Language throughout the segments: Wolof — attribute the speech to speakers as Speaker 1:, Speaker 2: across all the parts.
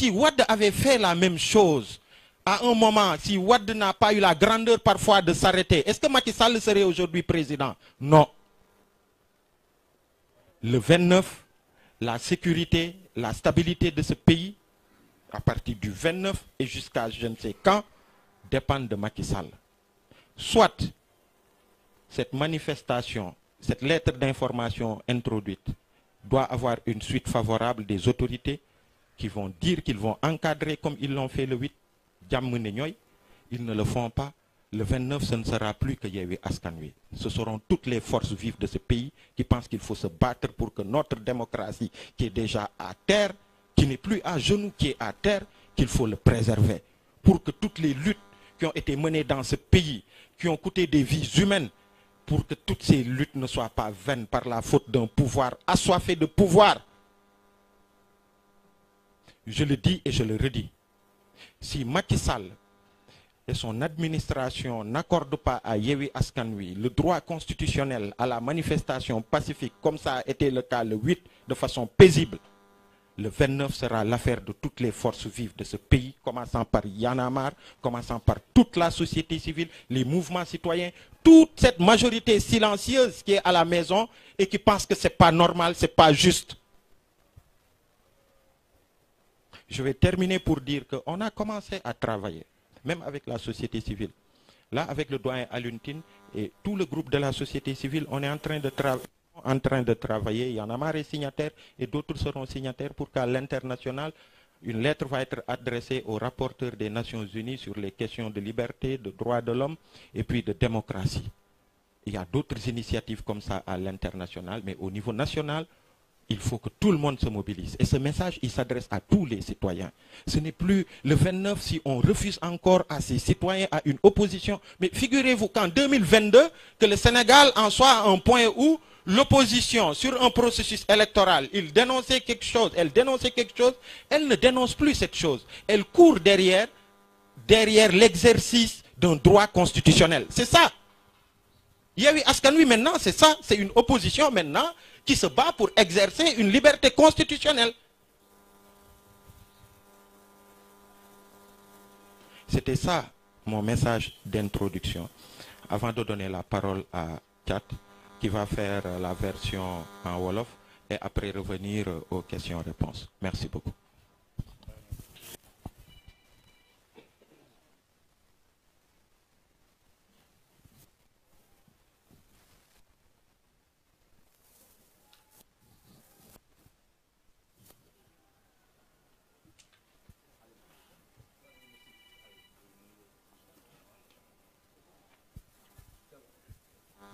Speaker 1: si Wade avait fait la même chose un moment, si Wade n'a la grandeur parfois de s'arrêter, est-ce que Macky Sall serait aujourd'hui président Non. Le 29, la sécurité, la stabilité de ce pays, à partir du 29 et jusqu'à je ne sais de Macky Sall. Soit cette manifestation, cette lettre d'information introduite doit avoir une suite favorable des autorités qui vont dire qu'ils vont encadrer comme ils l'ont fait le 8 jàmm ne ñooy ils ne font pas le 29 ce ne sera plus que Yewwi Askan Wi ce seront de ce pays qui pensent qu'il pour que notre démocratie qui est déjà à terre plus à genoux qui à terre qu'il faut le préserver pour que toutes les luttes qui ont été menées dans ce pays qui pour que toutes ces luttes ne par la faute d'un pouvoir assoiffé de pouvoir je le dis le redis si Macky Sall et son administration n'accordent pas à Yewwi Askan Wi le droit constitutionnel à la manifestation pacifique comme ça a le cas le 8 façon paisible le 29 sera l'affaire de toutes les forces vives de ce pays commençant par par toute la société civile les mouvements citoyens toute cette majorité silencieuse qui à la maison et pas normal c'est pas juste je vais terminer pour dire qu'on a commencé à travailler, même avec la société civile. avec le doyen Aluntine et tout le groupe de la société civile, on est en train de travailler en il y a marre signataires et d'autres seront signataires pour qu'à l'international, une lettre va être adressée au rapporteur des Nations Unies sur les questions de liberté, de droits de l'homme et de démocratie. Il y a d'autres initiatives comme ça à l'international, mais au niveau national, il faut que tout le monde se mobilise. Et ce message, il s'adresse à tous les citoyens. Ce n'est plus le 29 encore à à une opposition. Mais figurez-vous qu'en 2022, que le Sénégal soit un point où l'opposition, sur un processus électoral, il dénonçait quelque chose, elle dénonçait quelque chose, elle ne dénonce plus cette chose. Elle court derrière, derrière l'exercice d'un droit constitutionnel. C'est ça. Yewi Askanui maintenant, c'est ça, c'est maintenant qui se bat pour exercer une liberté constitutionnelle. C'était ça mon message d'introduction. Avant de donner la parole à Kat, qui va faire la version en Wolof, et après revenir aux questions-réponses. Merci beaucoup.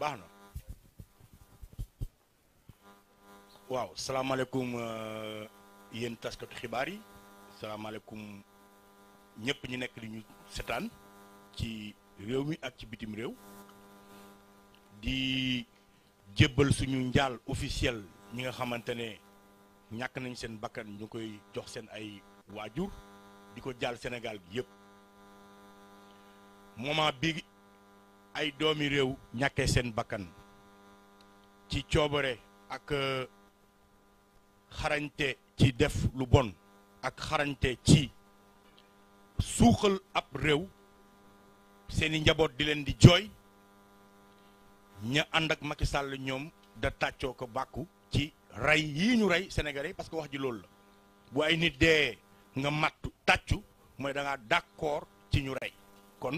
Speaker 2: baax na
Speaker 3: waaw salaamaaleykum euh, yéen taskatu xibaar yi salaamaaleykum ñëpp ñu nekk li ñu setaan ci réew mi ak ci bitim réew di jébbal suñu njaal officiel ñi nga xamante ne ñàkk nañ seen bakkan ñu koy jox seen ay waajur di ko jaal Sénégal gi yëpp moment ay doomi réew ñàkkee seen bakkan ci coobare ak euh, xarañte ci def lu bon ak xarañte ci suuxal ab réew seeni njaboot di leen di jooy ña ànd ak Macky Sall ñoom da tàccoo ko bàkku ci rey yii ñu rey Sénégalais parce que wax ji loolu la bu ay nit dee nga matt tàccu mooy danga ngaa ci ñu rey kon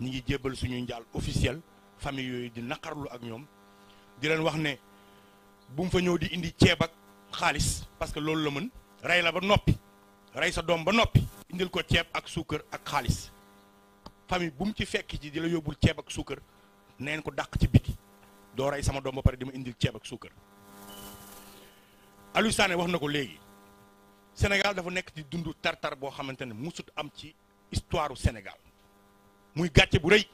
Speaker 3: ñu ngi jébbal suñu njaal officiel famille yooyu di naqarlu ak ñoom di leen wax ne bu mu fa ñëw di indi ceeb ak xaalis parce que loolu la mën rey la ba noppi rey sa doom ba noppi indil ko ceeb ak suukar ak xaalis famille bu mu ci fekk ci di la yóbbul ceeb ak suukar neen ko dàq ci biti doo rey sama doom ba pare di ma indil ceeb ak suukar Aliou Sané wax na ko léegi Sénégal dafa nekk ci dundu tartar boo xamante ne musut am ci histoire Sénégal muy gàcce bu rëy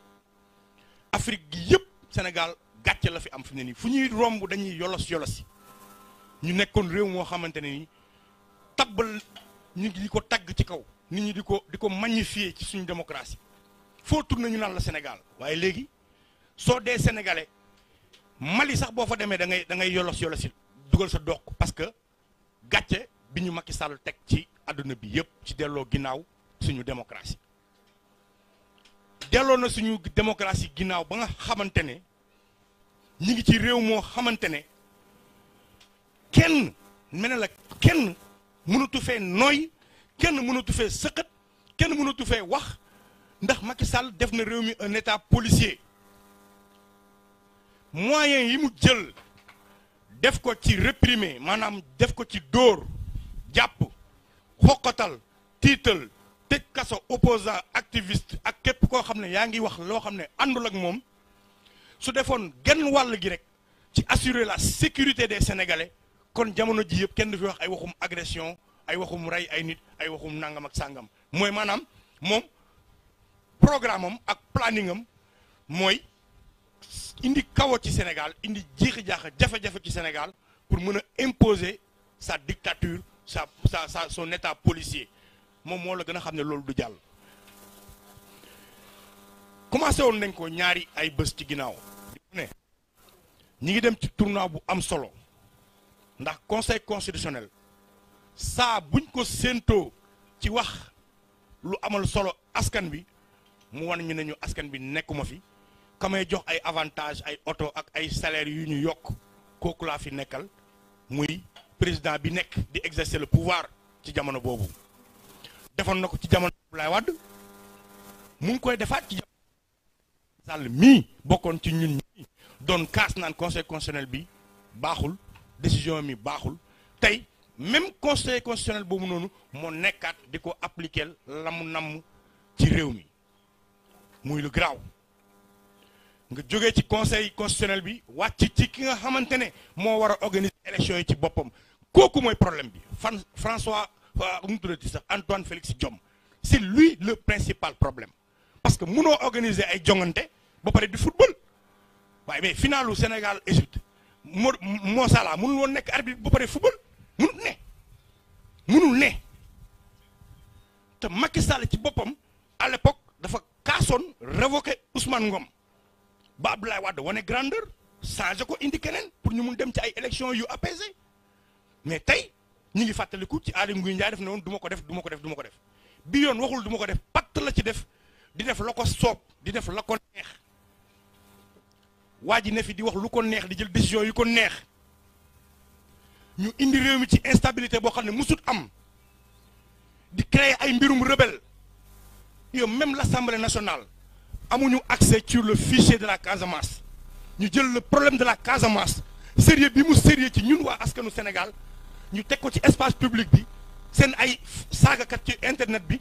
Speaker 3: Afrique gi yëpp Sénégal gàcce la fi am fi ne nii fu ñuy romb dañuy yolos yolos ñu nekkoon réew moo xamante ne nii tabbal ñu ngi ko tagg ci kaw nit ñi di ko di ko magnifier ci suñu démocratie foo tourné ñu naan la Sénégal waaye léegi soo dee sénégalais Mali sax boo fa demee da ngay da ngay yolos yolosi dugal sa doq parce que gàcce bi ñu Macky Sall teg ci àdduna bi yëpp ci delloo ginnaaw suñu démocratie delloo na suñu démocratie ginnaaw ba nga xamante ne ñi ngi ci réew moo xamante ne kenn mel ne la kenn mënatu fee nooy kenn mënatu fee sëqat kenn mënatu fee wax ndax Macky Sall def na réew mi un état policier moyen yi mu jël def ko ci réprimer maanaam def ko ci dóor jàpp xoqatal tiital tëj kaso opposant activiste ak képp koo xam ne yaa ngi wax loo xam ne àndul ak moom su defoon genn wàll gi rek ci assurer la sécurité des sénégalais kon jamono ji yëpp kenn du fi wax ay waxum agression ay waxum rey ay nit ay waxum nangam ak sangam mooy maanaam moom programme am ak planning mooy indi kawo ci Sénégal indi jiixi a jafe-jafe ci Sénégal pour mën a imposer sa dictature sa sa sa son état policier moom moo la gën a xam ne loolu du jàll commencé woon nañ ko ñaari ay bës ci ginnaaw ne ñi ngi dem ci tournoi bu am solo ndax conseil constitutionnel saa buñ ko séentoo ci wax lu amal solo askan bi mu wan ñu nañu askan bi nekkuma fi kamay jox ay avantage ay oto ak ay salaire yu ñu yokk kooku laa fi nekkal muy président bi nekk di exercer le pouvoir ci jamono boobu defoon na ko ci jamono Abdoulaye Wade mu ngi koy defaat ci jamono Sall mii bokkoon ci ñun ñii doon kaas naan conseil constitutionnel bi baaxul décision mi baaxul tey même conseil constitutionnel boobu noonu moo nekkaat di ko appliquer la mu namm ci réew mi muy lu garaaw nga jóge ci conseil constitutionnel bi wàcc ci ki nga xamante ne moo war a organiser élection yi ci boppam kooku mooy problème bi fan François sax Antoine Félix Diome c'est lui le principal problème parce que munoo organiser ay jongante ba pare di football waaye mais finalu Sénégal Égypte moo Mo Salah mënul woon nekk arbitre ba pare football mënul ne mënul ne te Macky Sall ci boppam à dafa kaasoon révoqué Ousmane Ngom ba Abdoulaye Wade wane grandeur changé ko indi keneen pour ñu mun dem ci ay élections yu apaisé mais tey ñu ngi fàttaliku ci Aly Ngouille Ndiaye def na woon du ko def duma ko def du ko def bi yoon waxul duma ma ko def patt la ci def di def la ko soob di def la ko neex waa ji ne fi di wax lu ko neex di jël décision yi ko neex ñu indi réew mi ci instabilité boo xam ne musut am di créer ay mbirum rebelle yow même l'Assemblée nationale amuñu accès sur le fichier de la Casamance ñu jël le problème de la Casamance sérieux bi mu sérieux ci ñun waa askanu Sénégal ñu teg ko ci espace public bi seen ay saagakat ci internet bi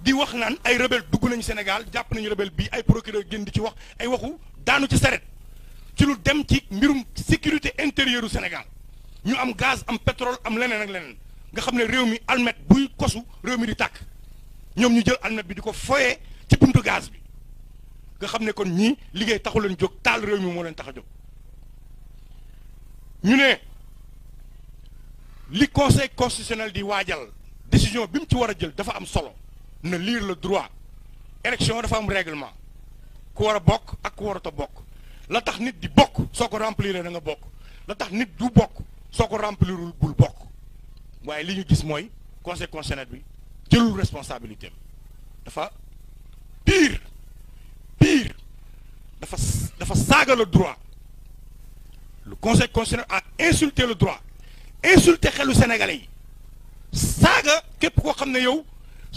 Speaker 3: di wax naan ay rebelle dugg nañu Sénégal jàpp nañu rebelle bi ay procureur génn di ci wax ay waxu daanu ci saret ci lu dem ci mbirum sécurité intérieure Sénégal ñu am gaz am pétrole am leneen ak leneen nga xam ne réew mi almet buy kosu réew mi di tàkk ñoom ñu jël almet bi di ko foyee ci buntu gaz bi nga xam ne kon ñi liggéey taxu leen jóg taal réew mi moo leen tax a jóg ñu ne li conseil constitutionnel di waajal décision bi mu ci war a jël dafa am solo na liir la droit élection dafa am règlement ku war a bokk ak ku warata bokk la tax nit di bokk soo ko remplir da nga bokk la tax nit du bokk soo ko remplirul bul bokk waaye li ñu gis mooy conseil constitutionnel bi jëlul responsabilité dafa pire pire dafa dafa saaga le droit lu conseil constitutionnel a insulté le droit insulté xelu sénégalais yi saaga képp koo xam ne yow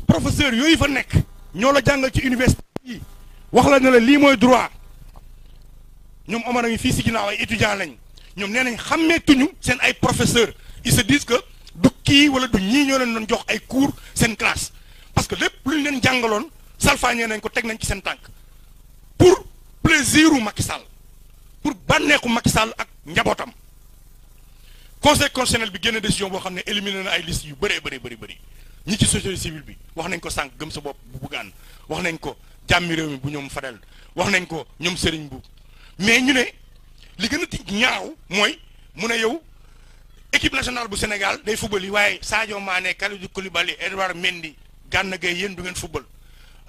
Speaker 3: professeur yooyu fa nekk ñoo la jàngal ci université yi wax la ne la lii mooy droit ñoom Omar a ngi fii si ginnaaw ay étudiants lañ ñoom nee nañ xàmmeetuñu seen ay professeur ils se disent que du kii wala du ñii ñoo leen doon jox ay cours seen classe parce que lépp lu ñu leen jàngaloon salfaañee nañ ko teg nañ ci seen tànk pour plaisiru Macky Sall pour banneexu Macky sàll ak njabootam. conseil constitutionnel bi génn décision boo xam ne éliminé na ay liste yu bëree bëri bëri bëri ñi ci société civile bi wax nañ ko sànq gëm sa bopp bu buggaan wax nañ ko jàmmi bu ñoom Fadel wax nañ ko ñoom Serigne Mbu mais ñu ne li gën a ti ñaaw mooy mu ne yow équipe nationale bu Sénégal day fubal yi waaye Sadio Mané Kalidou Koulibaly Edouard Mendy Gana Gueye yéen du ngeen fubal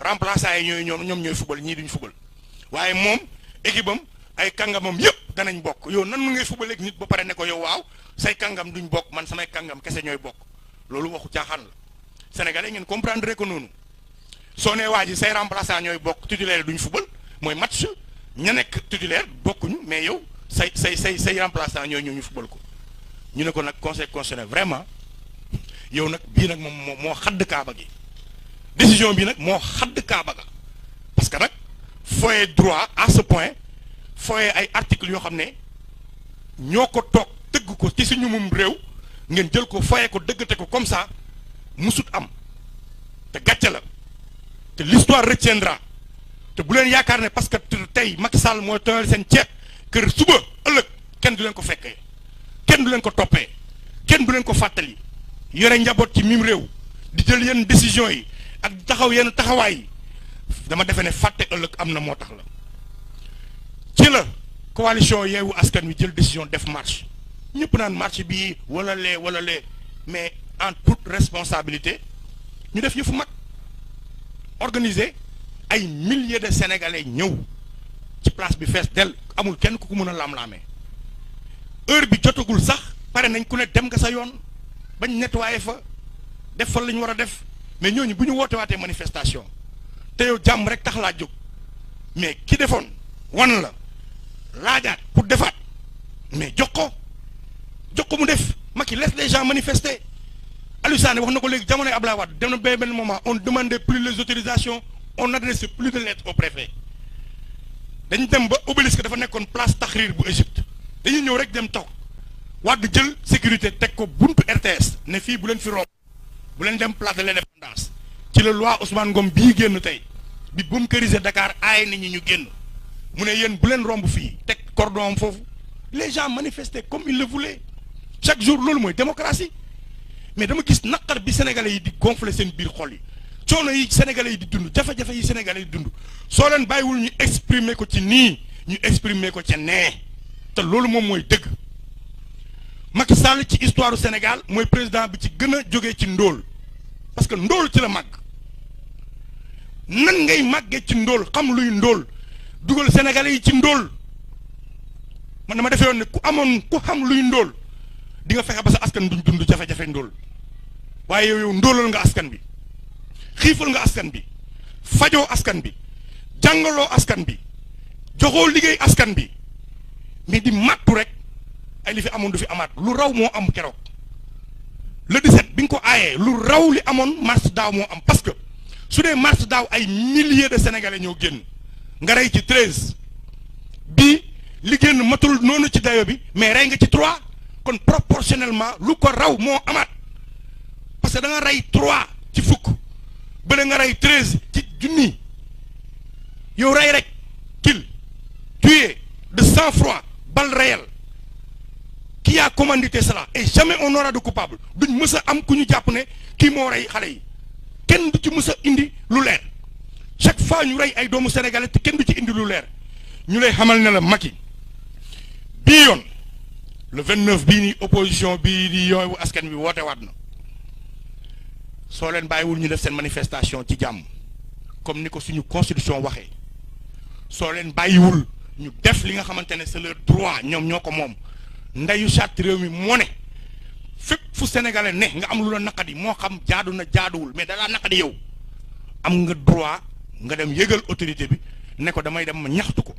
Speaker 3: remplaçant yi ñooy ñoom ñoom ñooy fubal ñii duñ fubal waaye moom équipe am ay kàngamam yëpp danañ bokk yow nan mu ngay fubaleeg nit ba pare ne ko yow waaw say kàngam duñ bokk man samay kàngam kese ñooy bokk loolu waxu caaxaan la sénégalais ngeen comprendre ko noonu soo nee waa ji say remplaçant ñooy bokk titulaire duñu football mooy match ña nekk titulaire bokkuñu mais yow say say say say remplaçant ñooy ñëw ñu football ko ñu ne ko nag conseil constitutionnel vraiment yow nag bii nag moom moo moo xadd kaaba gi décision bi nag moo xadd kaaba ga parce que nag fooye droit à ce point fooye ay article yoo xam ne ñoo ko toog tëgg ko ci suñu mum réew ngeen jël ko foye ko dëggate ko comme ça musut am te gàcce la te l'histoire retiendra te bu leen yaakaar ne parce que tey Macky Sall mooy tooyal seen ceeb kër suba ëllëg kenn du leen ko fekkee kenn du leen ko toppee kenn du leen ko fàttali yore njaboot ci mim réew di jël yenn décision yi ak di taxaw yenn taxawaay yi dama defe ne fàtte ëllëg am na moo tax la ci la coalition yeewu askan wi jël décision def marche ñëpp naan marché bii wala lee wala lee mais en toute responsabilité ñu def yëfu mag organiser ay milliers de sénégalais ñëw ci place bi fees del amul kenn ku ko mën a lam heure bi jotagul sax pare nañ ku ne dem nga sa yoon bañ nettoyé fa def fa la ñu war a def mais ñooñu bu ñu woote waatee manifestation te yow jàmm rek tax laa jóg mais ki defoon wan la laajaat pour defaat mais jox ko jox ko mu def Macky laisse les gens manifester Aliou Sané wax na ko léegi jamonoy Abdoulaye Wade dem na benn benn moment on demandait plus les autorisations on n'adressait plus de lettres au préfet dañu dem ba obélisque dafa nekkoon place Tahrir bu Égypte dañuy ñëw rek dem toog Wade jël sécurité teg ko buntu RTS ne fii bu leen fi romb bu leen dem place de l'indépendance ci la loi Ousmane Ngom bii génn tey bi bunkeriser Dakar aaye nit ñi ñu génn mu ne yéen bu leen romb fii teg cordon foofu les gens comme ils chaque jour loolu mooy démocratie mais dama gis naqar bi sénégalais yi di gonfler seen biir xol yi coono yi sénégalais yi di dund jafe-jafe yi sénégalais yi dund soo leen bàyyiwul ñu exprimer ko ci nii ñu exprimer ko ci nee te loolu moom mooy dëgg Macky Sall ci histoire Sénégal mooy président bi ci gën a jógee ci ndóol parce que ndóol ci la màgg nan ngay màggee ci ndóol xam luy ndóol dugal sénégalais yi ci ndóol man dama defee woon ne ku amoon ku xam luy ndóol di nga fexe ba sa askan duñ dund jafe-jafe ndóol waaye yow yow ndóolal nga askan bi xiifal nga askan bi fajoo askan bi jàngaloo askan bi joxoo liggéey askan bi mais di màttu rek ay li fi amoon du fi amaat lu raw moo am keroog le 17 bi nga ko aayee lu raw li amoon mars daaw moo am parce que su dee mars daaw ay milliers de sénégalais ñoo génn nga rey ci 13 bii li génn matul noonu ci dayo bi mais rey nga ci 3. kon proportionnellement lu ko raw moo amaat parce que da rey trois ci fukk bële nga rey treize ci junni yow rey rek kil tué de sang-froid balle réelle qui a commandité cela et jamais on aura de coupable duñ mës a am ku ñu jàpp ne kii moo rey xale yi kenn du ci mës a indi lu leer chaque fois ñu rey ay doomu sénégalais te kenn du ci indi lu leer ñu lay xamal ne la Macky bii yoon le vingt 29 bii nii opposition bii di yooyu askan bi woote waat na soo leen bàyyiwul ñu def seen manifestation ci jàmm comme ni ko suñu constitution waxee soo leen bàyyiwul ñu def li nga xamante ne c'est leur droit ñoom ñoo ko moom ndayu charte réew mi moo ne fépp fu sénégalais ne nga am lu la naqadi moo xam jaadu na jaaduwul mais dalaa naqadi yow am nga droit nga dem yëgal autorité bi ne ko damay dem ma ñaxtu ko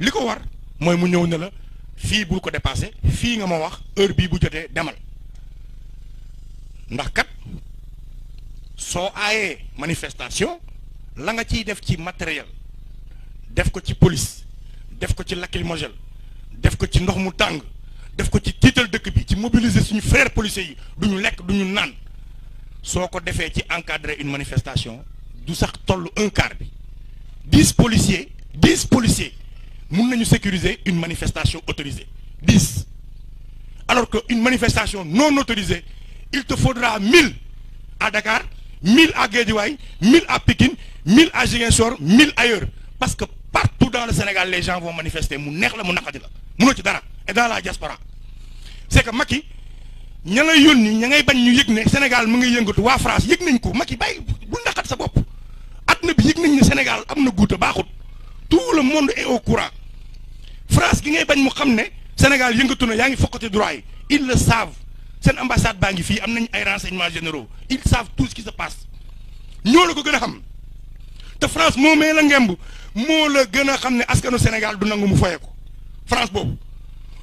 Speaker 3: li ko war mooy mu ñëw ne la fii bul ko dépassé fii nga ma wax heure bii bu jotee demal ndax kat soo aayee manifestation la nga ciy def ci matériel def ko ci police def ko ci lacrymogène def ko ci ndox mu tàng def ko ci tiital dëkk bi ci mobiliser suñu frères policier yi du ñu lekk du ñu naan soo ko defee ci encadrer une manifestation du sax tollu un quart bi dix policier dix policiers mun nañu sécuriser une manifestation autorisée dix alors que une manifestation non autorisée il te faudra mille à Dakar mille à Guédiawaye mille à Pikine mille à Ziguinchor mille ailleurs parce que partout dans le Sénégal les gens vont manifester mu neex la mu naqati la munoo ci dara et dans la diaspora c'est que Macky ña lay yónni ña ngay bañ ñu yëg ne Sénégal mu ngi yëngatu waa France yëg nañ ko Macky bàyyi bu naqat sa bopp at na bi yëg nañ ne Sénégal am na guuta baaxut tout le monde est au courant France gi ngay bañ mu xam ne Sénégal yëngatu na yaa ngi fokkati droit yi ils le savent seen ambassade baa ngi fii am nañ ay renseignements généraux ils savent tout ce qui se passe ñoo la ko gën a xam te France moo mee la ngemb moo la gën a xam ne askanu Sénégal du nangu mu foye ko France boobu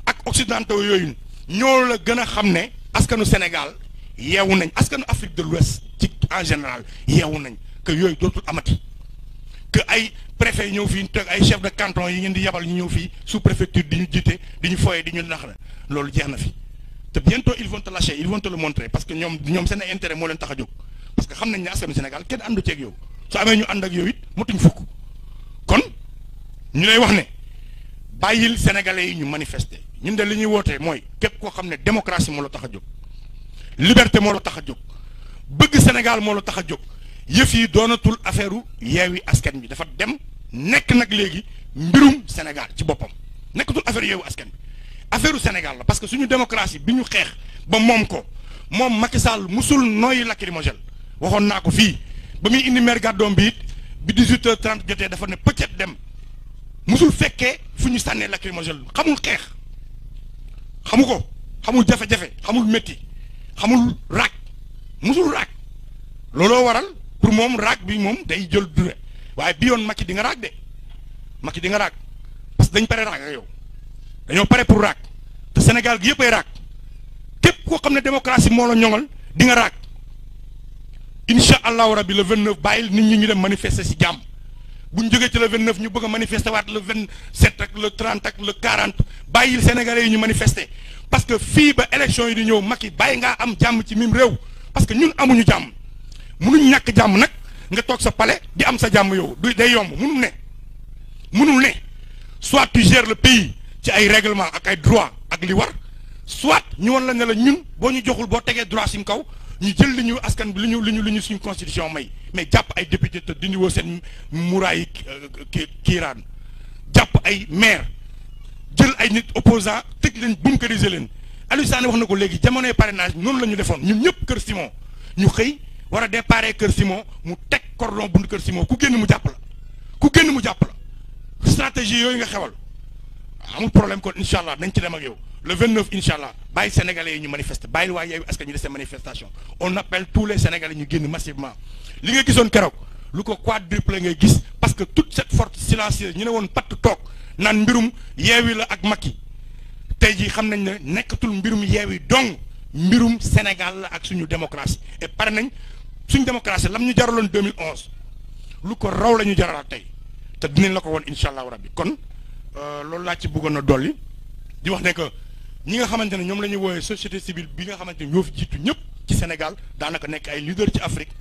Speaker 3: ak occidentaux yooyu ñoo la gën a xam ne askanu Sénégal yeewu nañ askanu Afrique de l'Ouest ci en général yeewu nañ que yooyu dootul amati. que ay préfet ñëw fii te ay chef de canton yi ngeen di yabal ñu ñëw fii sous préfecture di ñu jiite di ñu foyee di ñu nax la loolu jeex na fi te bientôt ils vont te lâcher ils vont te le montrer parce que ñoom ñoom seen ay intérêt moo leen tax a jóg parce que xam nañ ne askanu Sénégal kenn àndu ceeg yow su amee ñu ànd ak yow it motuñ fukk kon ñu lay wax ne bàyyil sénégalais yi ñu manifester ñun de li ñuy wootee mooy képp koo xam ne démocratie moo la tax a jóg liberté moo la tax a jóg bëgg Sénégal moo tax a yëf yi doonatul affaire u yeewi askan bi dafa dem nekk nag léegi mbirum Sénégal ci boppam nekkatul affaire yeewu askan bi affaire Sénégal la parce que suñu démocratie bi ñu xeex ba moom ko moom Macky Sall musul nooyi lacrymogène waxoon naa ko fii ba muy indi maire gàddoom bi it bi 18 heures 30 jotee dafa ne pëccet dem musul fekkee fu ñu sànnee lakk lacrymogène xamul xeex xamu ko xamul jafe-jafe xamul métti xamul raak musul raak looloo waral pour moom raag bi moom day jël durée waaye bi yoon Macky di nga raag de Macky di nga raag parce dañ pare raag nga yow dañoo pare pour raag te Sénégal gi yëpp ay képp koo xam ne démocratie moo la ñoŋal di nga raag incha allahu rabi le 29 bàyyil nit ñi ñu dem manifester si jàmm bu ñu jógee ci le 29 ñu bëgg a manifester waat le 27 ak le 30 ak le 40 bàyyil sénégalais yi ñu manifester parce que fii ba élection yi di ñëw Macky bàyyi ngaa am jàmm ci mim réew parce que ñun amuñu jàmm. munuñ ñàkk jàmm nag nga toog sa pale di am sa jàmm yow du day yomb munul ne munul ne soit tu le pays ci ay réglement ak ay droit ak li war soit ñu won la ne la ñun boo ñu joxul boo tegee droit suñ kaw ñu jël li ñu askan bi li ñu li ñu li ñu suñu constitution may mais jàpp ay député te dindi woo seen muraay euh, kiiraan jàpp ay maire jël ay nit opposant tëj leen bunkeriser leen Aliou wax na ko léegi jamonoy parrainage noonu la ñu defoon ñun ñëpp kër Simon ñu xëy war a départ Kër Simon mu teg cordon buntu Kër Simon ku génn mu jàpp la ku génn mu jàpp la stratégie yooyu nga xewal amul problème kon incha allah dañ ci dem ak yow le 29 incha allah bàyyi sénégalais yi ñu manifester bàyyi waa Yewwi Askan ñu def seen manifestation on appelle tous les sénégalais ñu génn massivement li nga gisoon keroog lu ko quadruple ngay gis parce que toute cette force silencieuse ñu ne woon patt toog naan mbirum Yewwi la ak Macky tey jii xam nañ ne nekkatul mbirum Yewwi dong mbirum Sénégal ak suñu démocratie et nañ suñ démocratie lam ñu jaraloon 2011 lu ko raw la ñu jaralaat tey te dinañ la ko woon incha allahu rabbi kon euh, loolu laa ci bëggoon a dolli di wax ne que ñi nga xamante ne ñoom la ñuy woowee société civile bi nga xamante ne ñoo fi jiitu ñëpp ci Sénégal daanaka nekk ay leader ci Afrique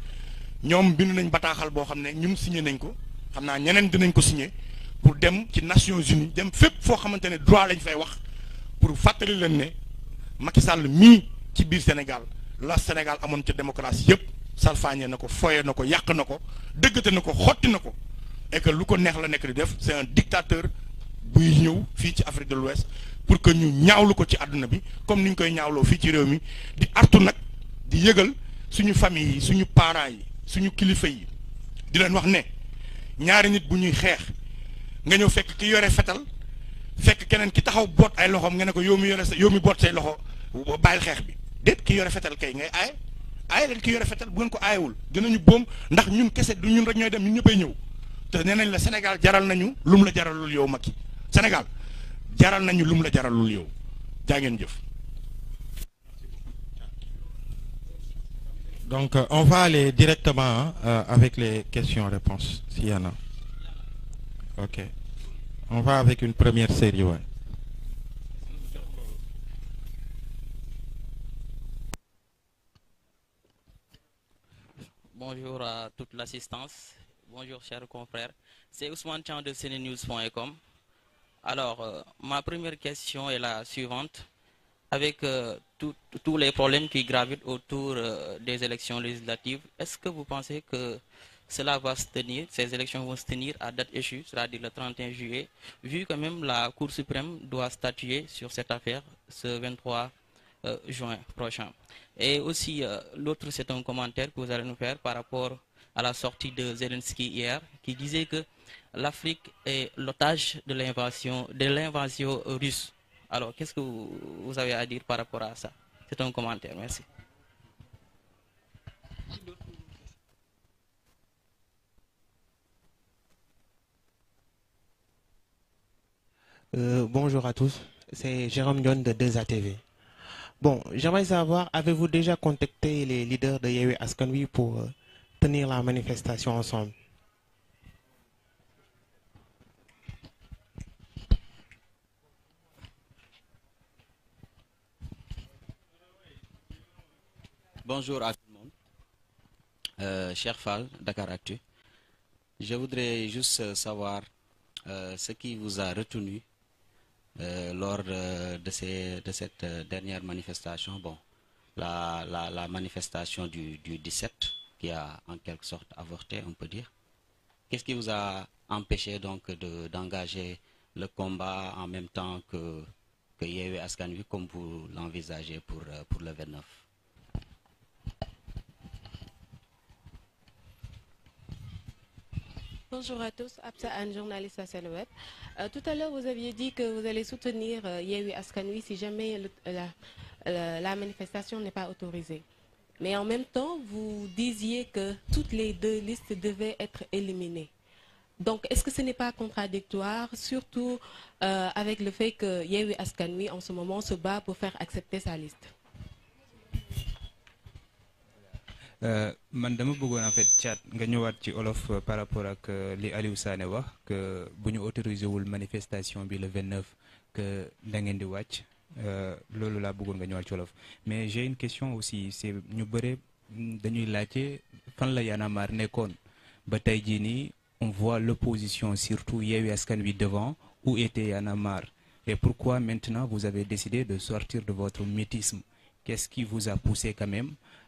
Speaker 3: ñoom bind nañ bataaxal boo xam ne ñun signé nañ ko xam naa ñeneen dinañ ko signé pour dem ci Nations Unies dem fépp foo xamante ne droit lañ fay wax pour fàttali leen ne Macky Sall mii ci biir Sénégal la Sénégal amoon ca démocratie yëpp. salfaañe na ko foye na ko yàq na ko dëggate na ko xotti na ko et lu ko neex la nekk di def c'est un dictateur buy ñëw fii ci Afrique de l'Ouest pour que ñu ñaawlu ko ci àdduna bi comme ni ñu koy ñaawloo fii ci réew mi di artu nag di yëgal suñu famille yi suñu parents yi suñu kilifa yi di leen wax ne ñaari nit bu ñuy xeex nga ñëw fekk ki yore fetal fekk keneen ki taxaw boot ay loxoom nga ne ko yow mi yore sa yow mi boot say loxo bàyyil xeex bi déet ki yore fetal kay ngay aaye aay leen ki yore fetal bu ngeen ko aayewul dinañu boom ndax ñun kese du ñun rek ñooy dem ñun ñëppay ñëw te nee nañ la Sénégal jaral nañu lum la jaralul yow Macky Sénégal jaral nañu lum la jaralul yow jaa ngeen jëf.
Speaker 1: Donc, euh, on va aller directement hein, euh, avec les questions-réponses, s'il y a. OK. On va avec une première série, ouais.
Speaker 4: Bonjour à toute l'assistance. Bonjour, chers confrères. C'est Ousmane Chan de CNews.com. Alors, euh, ma question est la suivante. Avec euh, tous les problèmes qui gravitent autour euh, des élections législatives, ce que vous pensez que cela va se tenir, ces élections vont se à date échue, c'est-à-dire la Cour Euh, juin prochain. Et aussi, euh, par rapport à la sortie de Zelensky hier, qui disait que l'Afrique est l'otage
Speaker 2: de l'invasion de l'invasion russe. Alors, qu'est-ce que vous, avez à dire par rapport à ça C'est un commentaire, merci.
Speaker 1: Euh, Jérôme Dion de 2ATV. Bon, j'aimerais savoir, avez-vous déjà contacté les leaders de Yewe Askanwi pour euh, tenir la manifestation ensemble
Speaker 4: Bonjour à tout le monde. Euh, cher Fall, Dakar Actu. Je voudrais juste euh, savoir euh, ce qui vous a retenu Euh, lors de, euh, de, ces, de, cette euh, dernière manifestation, bon, la, la, la manifestation du, du, 17, qui a en quelque sorte avorté, on peut dire. Qu'est-ce qui donc d'engager de, le combat en même temps que, que Yewe Askanui, comme vous l'envisagez pour, euh, pour le 29
Speaker 2: Bonjour à tous, Absa Anne, journaliste à Seneweb. Euh, tout à l'heure, vous aviez dit que vous allez soutenir euh, Askanui si jamais euh, euh, la, manifestation n'est pas autorisée. Mais en même temps, vous disiez que toutes les deux listes devaient être éliminées. Donc, est-ce que ce n'est pas contradictoire, surtout euh, avec le fait que Yehui Askanui, en ce moment, se bat pour faire accepter sa liste
Speaker 5: Euh, man dama bëggoon en fait Thiat nga ñëwaat ci olof par rapport ak euh, li Aliou Sané wax que bu ñu autorisé wul manifestation bi le 29 que da ngeen di wàcc euh, loolu laa bëggoon nga ñëwaat ci olof mais j'ai une question aussi c'est ñu bëre dañuy laajte fan la Y'en nekkoon ba tey jii nii on voit l'opposition surtout Yewwi Askan Wi devant
Speaker 3: où était Y'en a marre et pourquoi maintenant vous avez décidé de sortir de votre mutisme qu'est-ce qui vous a poussé quand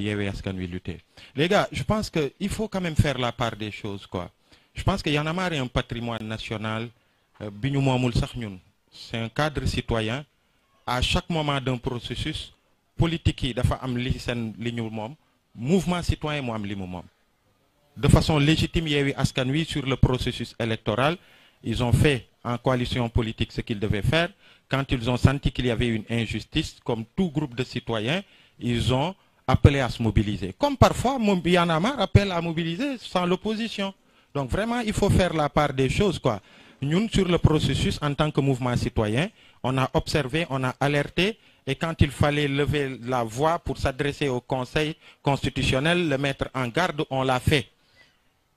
Speaker 1: Yewwi Askan Wi les gars je pense que il faut quand même faire la part des choses quoi je pense que Y'en a un patrimoine national euh, bi ñu sax ñun c'est un cadre citoyen à chaque moment d'un processus politique yi dafa am li seen li ñu moom mouvement citoyen mu am li mu moom de façon légitime Askan Wi sur le processus électoral ils ont fait en coalition politique ce qu'ils devaient faire quand ils ont senti qu'il y avait une injustice comme tout groupe de citoyens ils ont appelés à se mobiliser. Comme parfois, Yanamar appelle à mobiliser sans l'opposition. Donc vraiment, il faut faire la part des choses. quoi. Nous, le processus, en tant que mouvement citoyen, on a on a alerté, et quand il fallait lever la voix pour s'adresser au Conseil constitutionnel, le en garde, on l'a fait.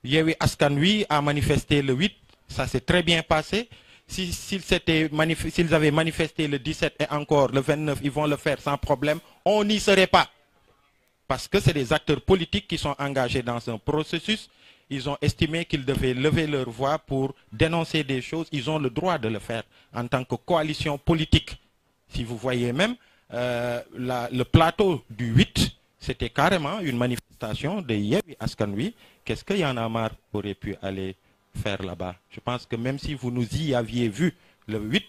Speaker 1: Yewi Askanui a manifesté le 8, ça s'est très bien passé. S'ils si, manif avaient manifesté le 17 et encore le 29, ils vont le faire sans problème, on n'y serait parce que c'est des acteurs politiques qui sont engagés dans un processus. Ils ont estimé qu'ils devaient lever leur voix pour dénoncer des choses. Ils ont le droit de le faire en tant que coalition politique. Si vous voyez même, euh, la, le plateau du 8, c'était carrément une manifestation de askan Askanui. Qu'est-ce que Yann Amar aurait pu aller faire là-bas Je pense que même si vous nous y aviez vu le 8,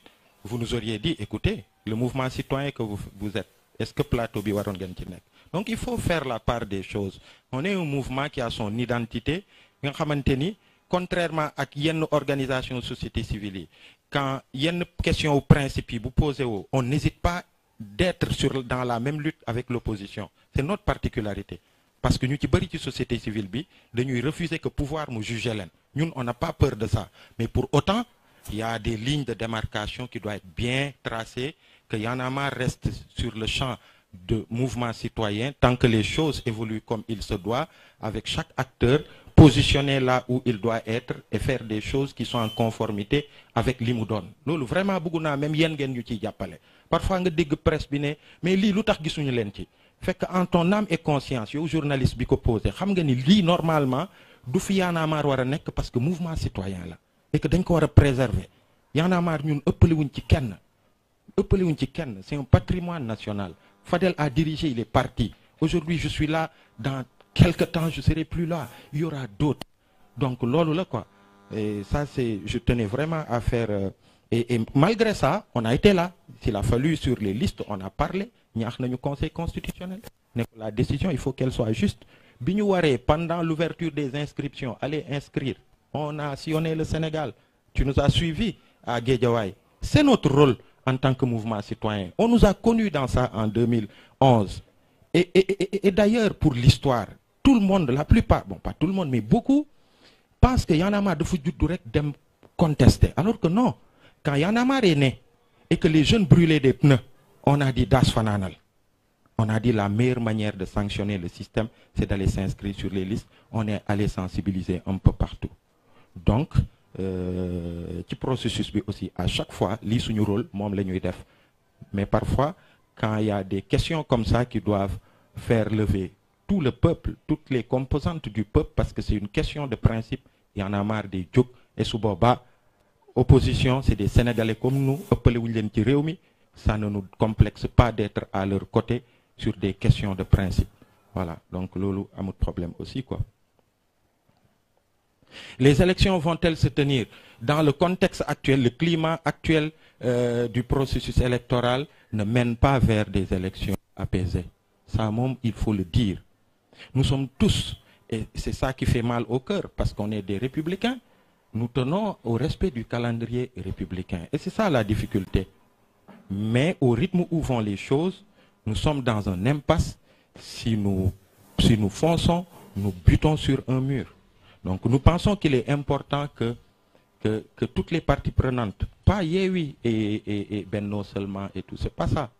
Speaker 1: vous nous auriez dit, écoutez, le mouvement citoyen que vous, vous êtes, ce que plateau bi waroon ngeen ci nekk donc il faut faire la part des choses on est un mouvement qui a son identité nga xamante ni contrairement ak yenn organisation société civile yi quand yenn question principe yi bu posé woo on n'hésite pas d'être sur dans la même lutte avec l'opposition c'est notre particularité parce que ñu ci bëri ci société civile bi dañuy refuser que pouvoir mu juger leen ñun on n'a pas peur de ça mais pour autant il y a des lignes de démarcation qui doivent être bien que Y en a sur le champ de mouvement citoyen, tant que les choses évoluent comme il se doit, avec chaque acteur positionné là où il doit être et faire des choses qui son en conformité avec li mu doon loolu vraiment bëggu naa même yéen ngeen ñu ciy jàppale parfois nga dégg presse bi ne mais lii lu tax gisuñu leen ci fekk en ton âme et conscience yow journaliste bi ko posé xam nga ni lii normalement du fi Y'en a marre war a nekk parce que mouvement citoyen la et que dañ ko war a préserver Y'en a marre ñun ëppaliwuñ ci kenn ëppaliwuñ ci kenn c'est un patrimoine national Fadel a dirigé, il est parti. Aujourd'hui, je suis là. Dans quelques temps, je ne serai plus là. Il y aura d'autres. Donc, lolo la quoi. Et ça, c'est, je tenais vraiment à faire. Euh, et, et, malgré ça, on a été là. S'il a fallu sur les listes, on a parlé. Nous avons le Conseil constitutionnel. La décision, il faut qu'elle soit juste. Bignouaré, pendant l'ouverture des inscriptions, allez inscrire. On a sillonné le Sénégal. Tu nous as suivis à Guédiawaï. C'est notre rôle. en tant que mouvement citoyen. On nous a connus dans ça en 2011. Et, et, et, et d'ailleurs, pour l'histoire, tout le monde, la plupart, bon, pas tout le monde, mais beaucoup, pensent que Yanamar de Foujoudurek dem contester. Alors que non, quand Yanamar est né et que les jeunes brûlaient des pneus, on a dit Das Fananal. On a dit la meilleure manière de sanctionner le système, c'est d'aller s'inscrire sur les listes. On est allé sensibiliser un peu partout. Euh, ci processus bi aussi à chaque fois lii suñu rôle moom la ñuy def mais parfois quand il y des questions comme ça qui doivent faire lever tout le peuple toutes les composantes du peuple parce que c'est une question de principe il y en a marre des jóg et su boobaa opposition c'est des Sénégalais comme nous ëppalewuñu leen ci réew mi ça ne nous complexe pas d'être à leur côté sur des questions de principe voilà donc loolu amul problème aussi quoi Les élections vont-elles se tenir dans le contexte actuel, le climat actuel euh, du processus électoral ne mène pas vers des élections apaisées. Ça, il faut le dire. Nous tous, et c'est ça qui fait mal au cœur, parce qu'on est des républicains, nous tenons au respect du calendrier républicain. Et c'est ça la difficulté. Mais au rythme où vont les choses, nous sommes dans un impasse. Si si nous fonçons, nous butons sur un mur. Donc nous pensons qu'il est important que, que, que, toutes les parties prenantes, pas Yewi et, et, et Benno seulement et tout, c'est pas ça,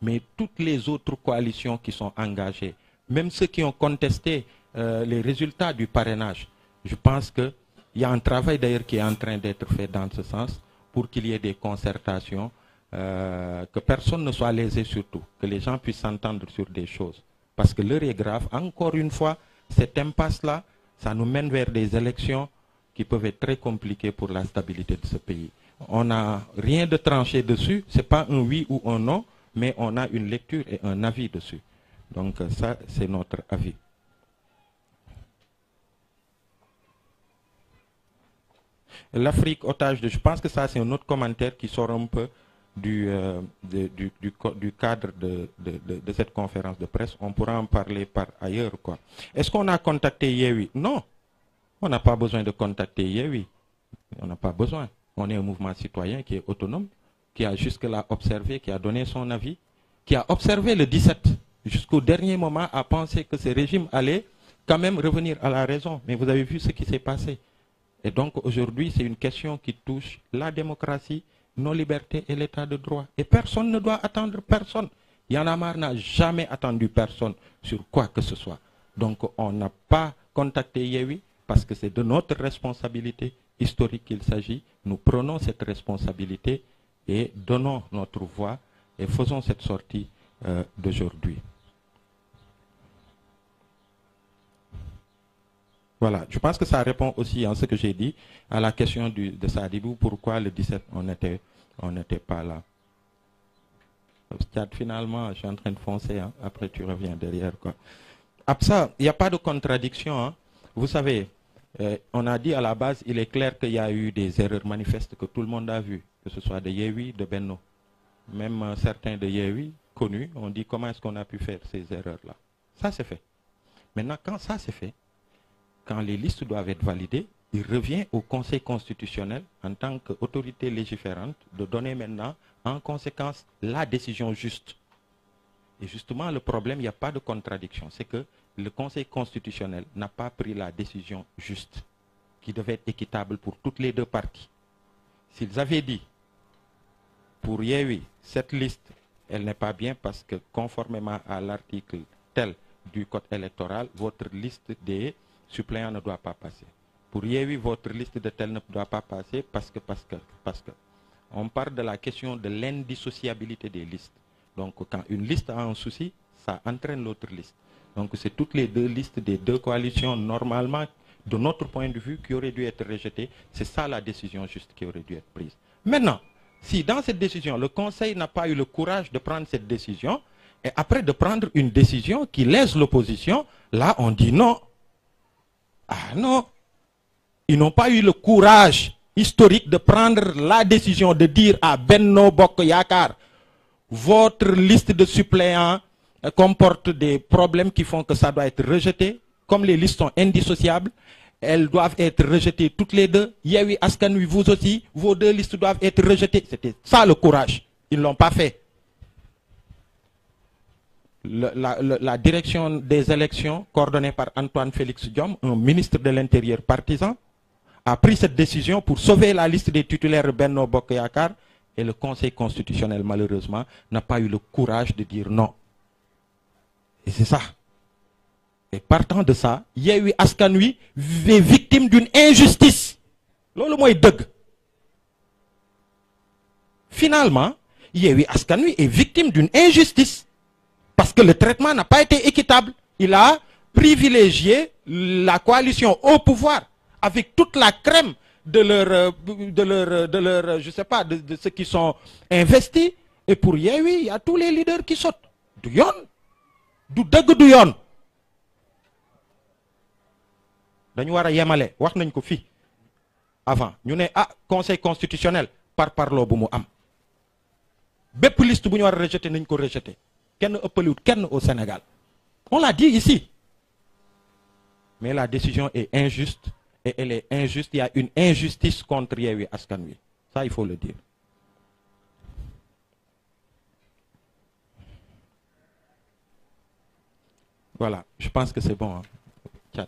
Speaker 1: mais toutes les autres coalitions qui sont engagées, même ceux qui ont contesté euh, les résultats du parrainage, je pense qu'il y a un travail d'ailleurs qui est en train d'être fait dans ce sens pour qu'il y ait des concertations, euh, que ne soit lésé surtout, que les gens puissent s'entendre sur des choses. Parce que l'heure est grave. Encore une fois, ça nous mène vers des élections qui peuvent être très compliquées pour la stabilité de ce pays. On n'a rien de tranché dessus, ce n'est pas un oui ou un non, mais on a une lecture et un avis dessus. Donc ça, c'est notre avis. L'Afrique otage, de, je pense que ça, c'est un autre commentaire qui sort un peu du, euh, de, du, du, du, cadre de, de, de, cette conférence de presse. On pourra en parler par ailleurs. quoi. Est-ce qu'on a contacté Yewi Non. On n'a pas besoin de contacter Yewi. On n'a pas besoin. On est un mouvement citoyen qui est autonome, qui a jusque-là observé, qui a donné son avis, qui a observé le 17 jusqu'au dernier moment à penser que ce régime allait quand même revenir à la raison. Mais vous avez vu ce qui s'est passé. Et donc aujourd'hui, c'est une question qui touche la démocratie, nos libertés et l'état de droit. Et personne ne doit attendre personne. Yanamar n'a jamais attendu personne sur quoi que ce soit. Donc on n'a pas contacté Yewi parce que c'est de notre responsabilité historique qu'il s'agit. Nous prenons cette responsabilité et donnons notre voix et faisons cette sortie euh, d'aujourd'hui. Voilà, je pense que ça répond aussi à ce que j'ai dit, à la question du, de Sadibou, pourquoi le 17, on n'était on était pas là. finalement, je suis en train de foncer, hein. après tu reviens derrière. Quoi. Après ça, il n'y a pas de contradiction. Hein. Vous savez, euh, on a dit à la base, il est clair qu'il y a eu des erreurs manifestes que tout le monde a vues, que ce soit de Yewi, de Benno. Même euh, certains de Yewi, connus, ont dit comment est-ce qu'on a pu faire ces erreurs-là. Ça, c'est fait. Maintenant, quand ça, c'est fait, quand les listes doivent être validées, il revient au Conseil constitutionnel, en tant qu'autorité légiférante, de donner maintenant, en conséquence, la décision juste. Et justement, le problème, il n'y a pas de contradiction. C'est que le Conseil constitutionnel n'a pas pris la décision juste, qui devait être équitable pour toutes les deux parties. S'ils avaient dit, pour Yehui, cette liste, elle n'est pas bien parce que conformément à l'article tel du Code électoral, votre liste des suppléant ne doit pas passer. Pour Yévi, votre liste de ne doit pas passer parce que, parce que, que. On parle de la question de l'indissociabilité des listes. Donc quand une liste a un souci, ça entraîne l'autre liste. Donc c'est toutes les deux listes des deux coalitions normalement, de notre point de vue, qui auraient dû être rejetées. C'est la décision juste qui aurait dû être prise. Maintenant, si dans cette décision, le Conseil n'a pas eu le courage de prendre cette décision, et prendre une décision qui laisse Ah non. Ils n'ont pas eu le courage historique de prendre la décision de dire à Benno Bokk Yakaar, votre liste de suppléants euh, comporte des problèmes qui font que ça doit être rejeté. Comme les listes sont indissociables, elles doivent être rejetées toutes les deux. Yewwi Askan Wi, vous aussi, vos deux listes doivent être rejetées. C'était ça le courage. Ils ne l'ont pas fait. la, la, la, direction des élections, coordonnée par Antoine Félix Diom, un ministre de l'Intérieur partisan, a pris cette décision pour sauver la liste des titulaires Benno Bokyakar et le Conseil constitutionnel, malheureusement, n'a pas eu le courage de dire non. Et c'est ça. Et partant de ça, Yehui Askanui est victime d'une injustice. Lolo moi deug. Finalement, Yehui Askanui est victime d'une injustice. parce le traitement n'a pas été équitable. Il a privilégié la coalition au pouvoir avec toute la crème de leur, de euh, de leur euh, euh, je sais pas, de, de ceux qui sont investis. Et pour Yehui, il y tous les leaders qui sautent. Du yoon du dëgg du yoon dañu war a yemale wax nañ ko fii avant ñu ne ah conseil constitutionnel par parloo bu mu am bépp liste bu ñu war a rejeté nañ ko rejeté kenn ëppaliwut kenn au Sénégal on l'a dit ici mais la décision est injuste et elle est injuste il y a une injustice contre Yewwi Askan Wi ça il faut le dire je pense que c'est bon ci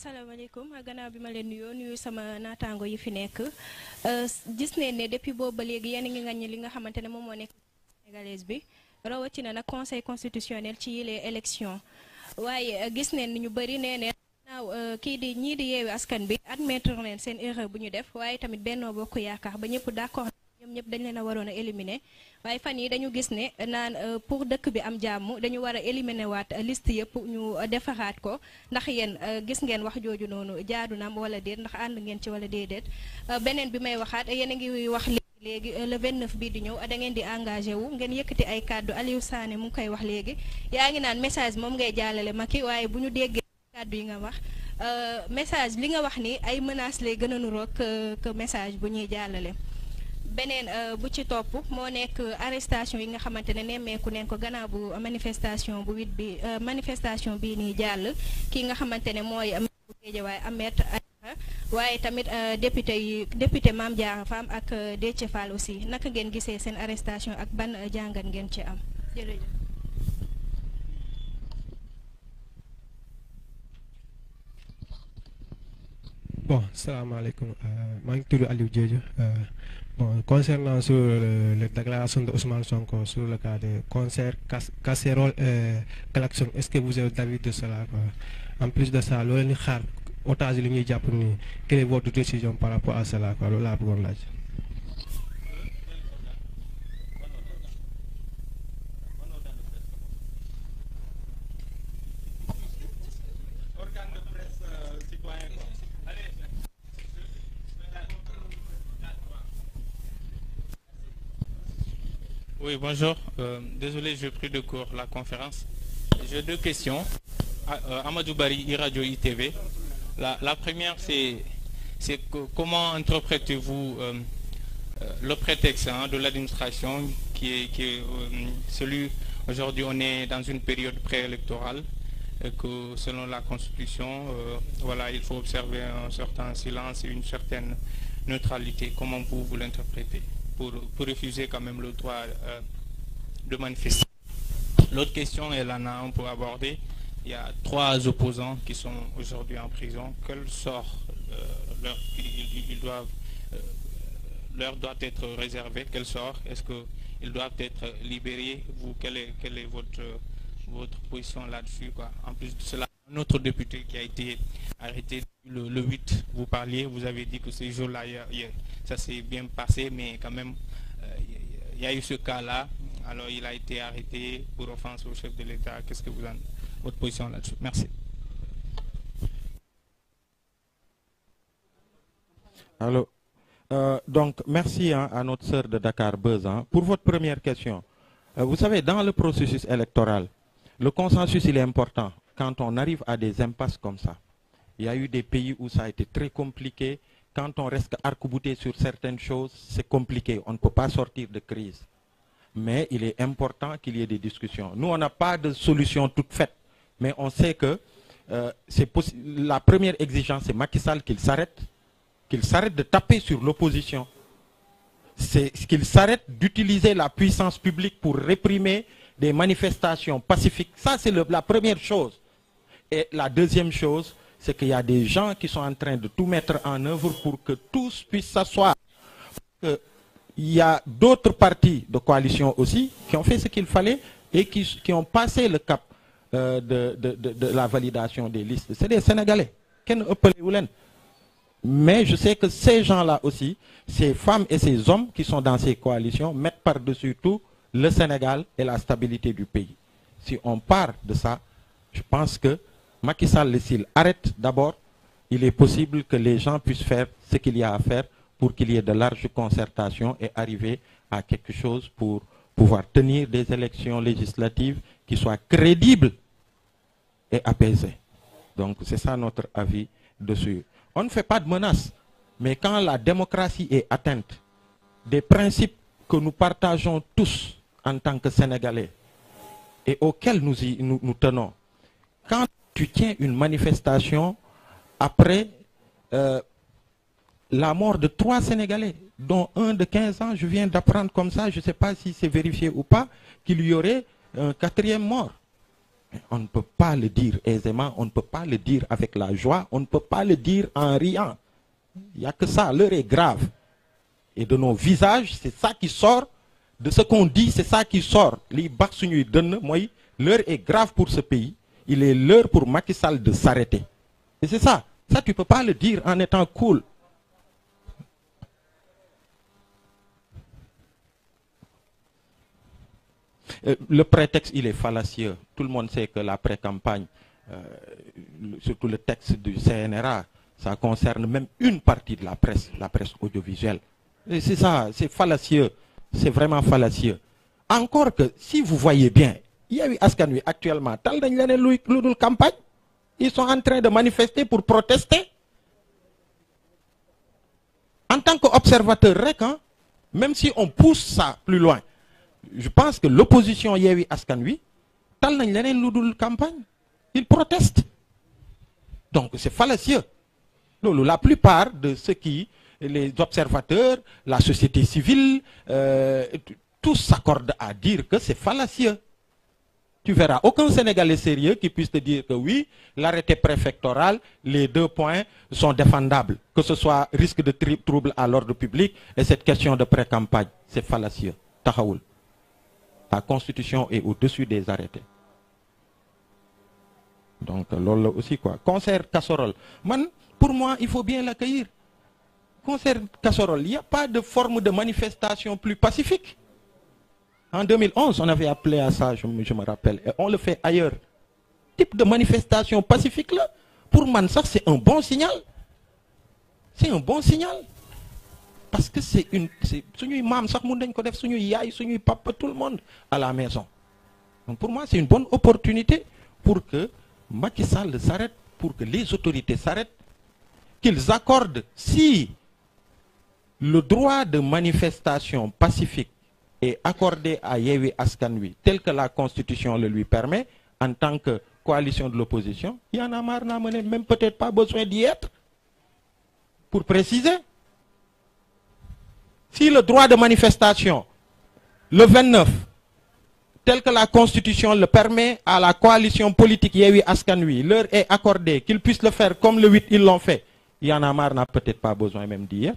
Speaker 2: asalaamaaleykum gannaaw bi ma leen yoon nuyu sama naataango yi fi nekk euh, gis nañ ne depuis boobu ba léegi yéen ngi ngañ li nga xamante ne moom moo nekk sénégalaise bi rawatina nag conseil constitutionnel ci yile élection waaye euh, gis nañ ñu bëri nee ne naaw euh, kii di ñii di yeewi askan bi admettre leen seen erreur bu ñu def waaye tamit Benno Bokk Yaakaar ba ñëpp d'accord ñoom ñëpp dañ leen a waroon a éliminer waaye fan yi dañu gis ne naan euh, pour dëkk bi am jàmm dañu war a éliminer waat list yëpp ñu defaraat ko ndax yéen euh, gis ngeen wax jooju noonu jaadu naam wala déet ndax ànd ngeen ci wala déedéet euh, beneen bi may waxaat yéen a ngi wax léegi le 29 bii di ñëw da ngeen di engagé wu ngeen yëkkati ay kàddu Aliou Sané mu ngi koy wax léegi yaa ngi naan message moom ngay jàllale Macky waaye bu ñu déggee kàddu yi nga wax message li nga wax ni ay menaces lay gën a nuroog que message bu ñuy jàllale. beneen euh, bu ci topp moo nekk arrestation yi nga xamante ne nemmeeku neen ko gannaaw bu manifestation bu huit bi euh, manifestation bii nii jàll ki nga xamante ne mooy bu Géejawaay Ahmed waaye tamit euh, député yi député Mame Diarra Fam ak Déthié Fall aussi naka ngeen gisee seen arrestation ak ban jàngat ngeen ci am jërëjëf
Speaker 5: bon ngi tudd Aliou Bon, concernant sur euh, les déclarations d'Ousmane Sonko sur le cas de concert, cas, casserole, euh, klaxon, est-ce que vous êtes d'avis de cela quoi? En plus de ça, l'ONU Khar, otage, quelle est votre décision par rapport à cela quoi? Oui, bonjour. Euh, désolé, je pris de court la conférence. J'ai deux questions. Ah, euh, Amadou Bari, iRadio ITV. La, la première, c'est comment interprétez-vous euh, euh le prétexte de l'administration qui est, qui euh, celui, aujourd'hui on est dans une période préélectorale et que selon la Constitution, euh, voilà, il faut observer un certain silence et une certaine neutralité. Comment vous, vous l'interprétez pour, pour refuser quand même le droit euh, de manifester. L'autre question, et là on a un pour aborder, il y a trois opposants qui sont aujourd'hui en prison. Quel sort euh, leur, ils, ils doivent, euh, doit être réservé Quel sort Est-ce qu'ils doivent être libérés Vous, quelle est, euh, votre position là-dessus En plus de cela, un autre député qui a été arrêté le, le Vous avez dit que ce jour-là, ça s'est bien passé, mais quand même, euh, il euh, y a eu ce cas-là. il a été arrêté pour offense au chef de l'État. Qu'est-ce que en votre position là-dessus Merci.
Speaker 1: Allô. Euh, donc, merci hein, à notre sœur de Dakar, Buzz, hein, pour votre première question. Euh, vous savez, dans le processus électoral, le consensus, il est important. quand on arrive à des impasses comme ça, il y a eu des pays où ça a été très compliqué. Quand on reste arc-bouté sur certaines choses, c'est compliqué. On ne peut pas sortir de crise. Mais il est important qu'il y ait des discussions. Nous, n'a pas de solution toute faite. Mais on sait que euh, la première exigence, est Macky Sall qu'il s'arrête. Qu'il s'arrête de taper sur l'opposition. C'est qu'il s'arrête d'utiliser la puissance publique pour réprimer des manifestations pacifiques. Ça, c'est la première chose. Et la deuxième chose, c'est qu'il y a des gens qui sont en train de tout mettre en œuvre pour que tous puissent s'asseoir. Il y a d'autres partis de coalition aussi qui ont fait ce qu'il fallait et qui, qui, ont passé le cap euh, de, de, de, de, la validation des listes. C'est des Sénégalais. Mais je sais que ces gens-là aussi, ces femmes et ces hommes qui sont dans ces coalitions, mettent par-dessus tout le Sénégal et la stabilité du pays. Si on part de ça, pense que Macky Sall, s'il arrête d'abord, il est possible que les gens puissent faire ce qu'il y a à faire pour qu'il y ait de larges concertations et arriver à quelque chose pour pouvoir tenir des élections législatives qui soient crédibles et apaisées. Donc c'est ça notre avis dessus. On ne fait pas de menaces, mais quand la démocratie est atteinte, des principes que nous partageons tous en tant que Sénégalais et auxquels nous, y, tenons, tu tiens une manifestation après euh, la mort de trois Sénégalais, dont un de 15 ans, je viens d'apprendre comme ça, je ne sais pas si c'est vérifié ou pas, qu'il y aurait un quatrième mort. On ne peut pas le dire aisément, on ne peut pas le dire avec la joie, on ne peut pas le dire en riant. Il n'y a que ça, l'heure est grave. Et de nos visages, c'est ça qui sort. De ce qu'on dit, c'est ça qui sort. L'heure est grave pour ce pays. il est l'heure pour Macky Sall de s'arrêter. Et c'est ça. Ça, tu peux pas le dire en étant cool. Euh, le prétexte, il est fallacieux. Tout le monde sait que la pré-campagne, euh, surtout le texte du CNRA, ça concerne même une partie de la presse, la presse audiovisuelle. C'est ça, c'est fallacieux. C'est vraiment fallacieux. Encore que, si vous voyez bien, Yewwi Askan Wi actuellement tal dañ leneen luy lu dul campagne ils sont en train de manifester pour protester en tant qu'observateur rek ah même si on pousse ça plus loin je pense que l'opposition Yewwi Askan Wi tal nañ leneen lu dul campagne il proteste donc c'est fallacieux loolu la plupart de ceux qui les observateurs la société civile euh, tous s'accordent à dire que c'est fallacieux tu verras aucun Sénégalais sérieux qui puisse te dire que oui, l'arrêté préfectoral, les deux points sont défendables, que ce soit risque de trouble à l'ordre public et cette question de pré-campagne. C'est fallacieux. Tahaoul. La Constitution est au-dessus des arrêtés. Donc, lol aussi, quoi. Concert casserole. Man, pour moi, il faut bien l'accueillir. Concert casserole, il n'y a pas de forme de manifestation plus pacifique. En 2011, on avait appelé à ça, je, je me rappelle. on le fait ailleurs. Type de manifestation pacifique, là, pour man Mansar, c'est un bon signal. C'est un bon signal. Parce que c'est une. C'est papa, tout le monde à la maison. Donc pour moi, c'est une bonne opportunité pour que Macky Sall s'arrête, pour que les autorités s'arrêtent, qu'ils accordent, si le droit de manifestation pacifique est accordée à Yewi Askanui, telle la Constitution le lui permet, en tant que coalition de l'opposition, Yanamar n'a même peut-être pas besoin d'y être. Pour préciser, le droit de manifestation, le 29, tel que la Constitution le permet à la coalition politique Yewi Askanui, leur est accordé, qu'ils puissent le faire comme le 8, ils l'ont fait, Yanamar n'a peut-être pas besoin même d'y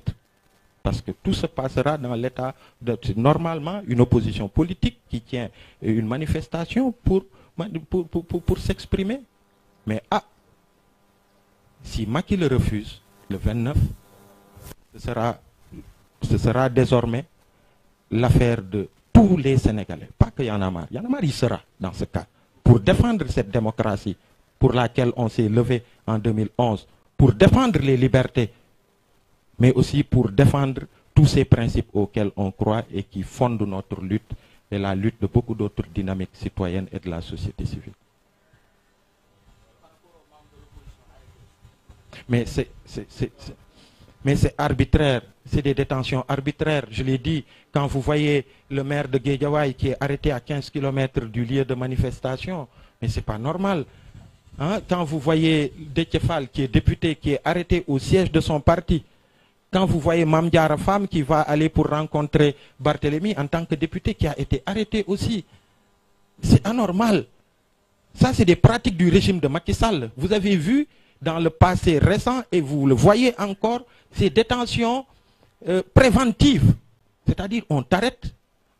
Speaker 1: parce que tout se passera dans l'état une opposition politique qui tient une manifestation pour, pour, pour, pour, pour s'exprimer. Mais ah, si Maki le refuse, le 29, ce sera, ce sera désormais l'affaire de tous les Sénégalais. Pas que Yanamar. Yanamar, il sera dans ce cas. Pour défendre cette démocratie pour laquelle on s'est levé en pour défendre les libertés mais aussi pour défendre tous ces principes auxquels on croit et qui fondent notre lutte et la lutte de beaucoup d'autres dynamiques citoyennes et de la société civile. Mais c'est mais c'est arbitraire, c'est des détentions arbitraires. Je l'ai dit, quand vous voyez le maire de Guédiawaye qui est arrêté à quinze km du lieu de manifestation, mais c'est pas normal. Hein? Quand vous voyez Déthié Fall qui est qui est arrêté au siège de son parti, Quand vous voyez Mamdiara Femme qui va aller pour rencontrer Barthélemy en tant que député qui a été arrêté aussi, c'est anormal. Ça, c'est des pratiques du régime de Macky Sall. Vous avez vu dans le passé récent, et vous le voyez encore, ces détentions euh, préventives. C'est-à-dire, on t'arrête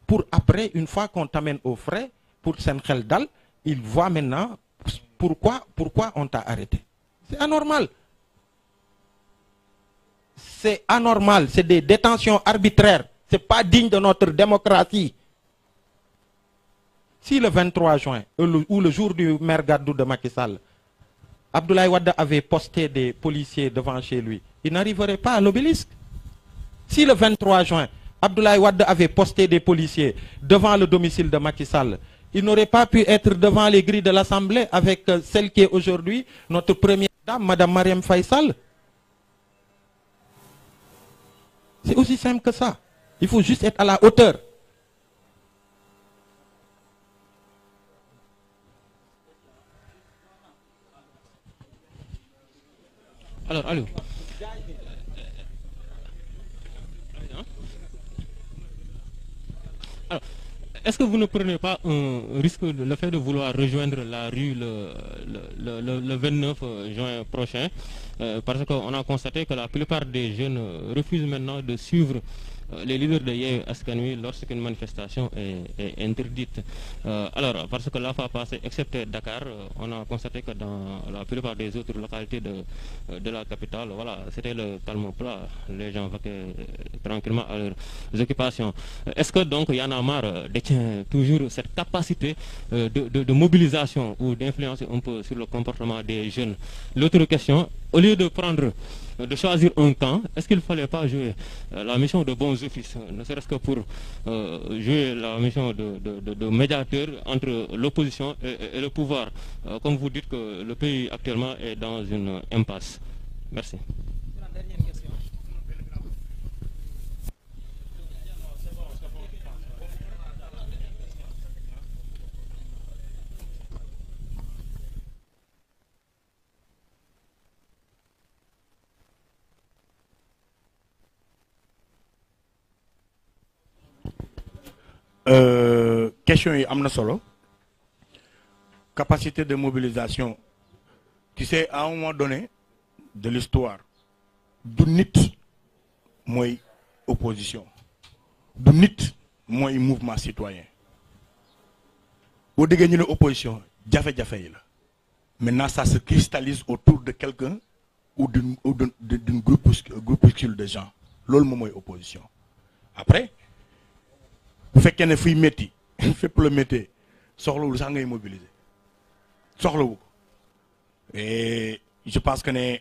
Speaker 1: pour après, une fois qu'on t'amène aux frais, pour Senkeldal, il voit maintenant pourquoi, pourquoi on t'a arrêté. C'est anormal. c'est anormal, c'est des détentions arbitraires, c'est pas digne de notre démocratie. le 23 juin, euh, le jour du maire Gadou de Macky Sall, Abdoulaye Wade avait posté des policiers devant chez lui, il n'arriverait pas à l'obélisque. le 23 juin, Abdoulaye Wade avait posté des policiers devant le domicile de Macky Sall, il n'aurait pas pu être de l'Assemblée avec euh, celle qui est aujourd'hui notre première dame, C'est aussi simple que Il faut juste être à la hauteur. Alors, allô.
Speaker 4: ce que vous ne pas un risque, le fait de vouloir rejoindre la rue le, le, le, le 29 euh, juin prochain euh, parce qu'on a constaté que la plupart des jeunes refusent maintenant de suivre euh, les leaders de Yewwi Askan Wi lorsqu'une manifestation est, est interdite. Euh, alors, parce que la fois passée, excepté Dakar, euh, on a constaté que dans la plupart des autres localités de, de la capitale, voilà, c'était le calme plat. Les gens vaquaient tranquillement à leurs occupations. Est-ce que donc Y'en a marre détient toujours cette capacité de, mobilisation ou d'influence un peu sur le comportement des jeunes L'autre question au lieu de prendre de choisir un camp, est-ce qu'il ne fallait pas jouer euh, la mission de bons offices, ne serait-ce que pour euh, jouer la mission de, de, de, de médiateur entre l'opposition et, et, le pouvoir, euh, comme vous dites que le pays actuellement est dans une impasse. Merci.
Speaker 3: Euh, question yi am na solo capacité de mobilisation tu sais à un moment donné de l'histoire du nit mooy opposition du nit mooy mouvement citoyen boo déggee ñu ne opposition jafe-jafe yi la maintenant ça se cristallise autour de quelqu'un ou d'une ou d'une groupuscule de gens loolu moom mooy opposition après bu fekkee ne fuy métti fépp la méttee soxlawul sax ngay mobiliser soxlawu ko je pense que ne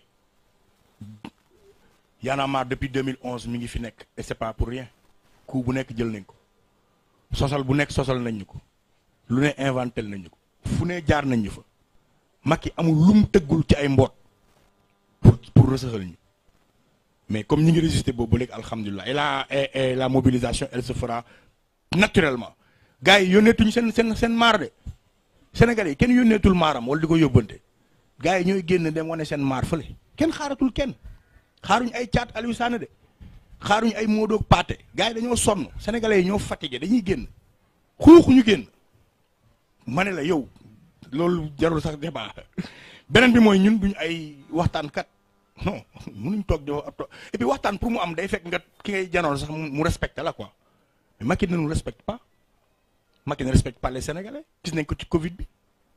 Speaker 3: Y'en a marre depuis 2011 mi ngi fi nekk et c'est pas pour rien coup bu nekk jël nañ ko sosal bu nekk sosal nañ ñu ko lu ne inventel nañ ñu ko fu ne jaar nañ ñu fa Macky amul lum tëggul ci ay mboot pour pour rësaxal ñu mais comme ñi ngi résister boobu léegi alhamdulilah et la et, et la mobilisation elle se fera naturellement gars yi yónneetuñ seen seen seen maar de Sénégalais yi kenn yónneetul maaram wala di ko yóbbante gars yi ñooy génn dem wane seen maar fële kenn xaaratul kenn xaaruñ ay caat Aliou Sané de xaaruñ ay moodoog paate gars yi dañoo sonn sénégalais yi ñoo fatigué dañuy génn xuux ñu génn ma ne la yow loolu jarul sax débat beneen bi mooy ñun duñ ay waxtaankat non mënuñ toog di et puis waxtaan pour mu am day fekk nga ki ngay janoon sax mu respecté la quoi. mais Macky ne nous respecte pas Macky ne respecte pas les Sénégalais nañ ko ci Covid bi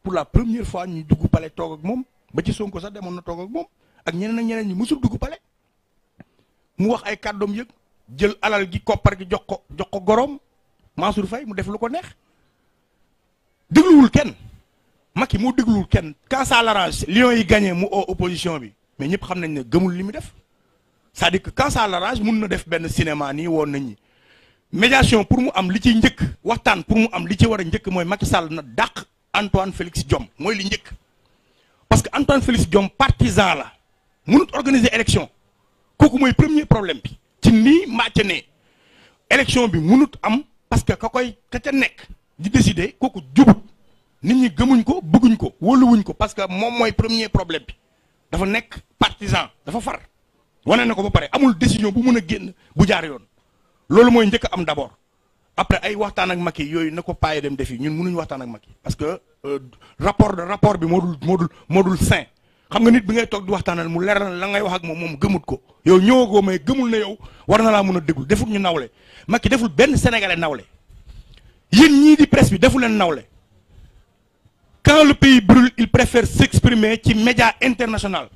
Speaker 3: pour la première fois ñu dugg pale toog ak moom ba ci Sonko sax demoon na toog ak moom ak ñeneen ak ñeneen ñi musul dugg pale mu wax ay kàddoom yëg jël alal gi koppar gi jox ko jox ko goroom Mansour fay mu def lu ko neex dégluwul kenn Macky moo dégluwul kenn quand ça l'arrange lion yi gagné mu oo opposition bi mais ñëpp xam nañ ne gëmul li mu def c'est-à-dire que quand ça mun na def benn cinéma nii woon nañ ñi médiation pour mu am li ciy njëkk waxtaan pour mu am li ci war a njëkk mooy Macky Sall na dàq Antoine Félix Diome mooy li njëkk parce que Antoine Félix Diome partisan la mënut organiser élection kooku mooy premier problème bi ci nii màcca ne élection bi mënut am parce que ka koy ka ca nekk di décider kooku jubut nit ñi gëmuñ ko bëgguñ ko wóoluwuñ ko parce que moom mooy premier problème bi dafa nekk partisan dafa far wane na ko ba pare amul décision bu mën a génn bu jaar yoon loolu mooy njëkk am d'abord après ay waxtaan ak Macky yooyu ne ko paaye dem defi ñun mënuñu waxtaan ak Macky parce que euh, rapport rapport bi moo dul moo dul moo dul sain xam nga nit bi ngay toog di waxtaanal mu leeral la ngay wax ak moom moom gëmut ko yow ñëwagoo may gëmul na yow war na laa mën a déglu deful ñu nawle Macky deful benn sénégalais nawle yéen ñii di presse bi defu leen nawle quand le pays brûle il préfère s'exprimer ci média international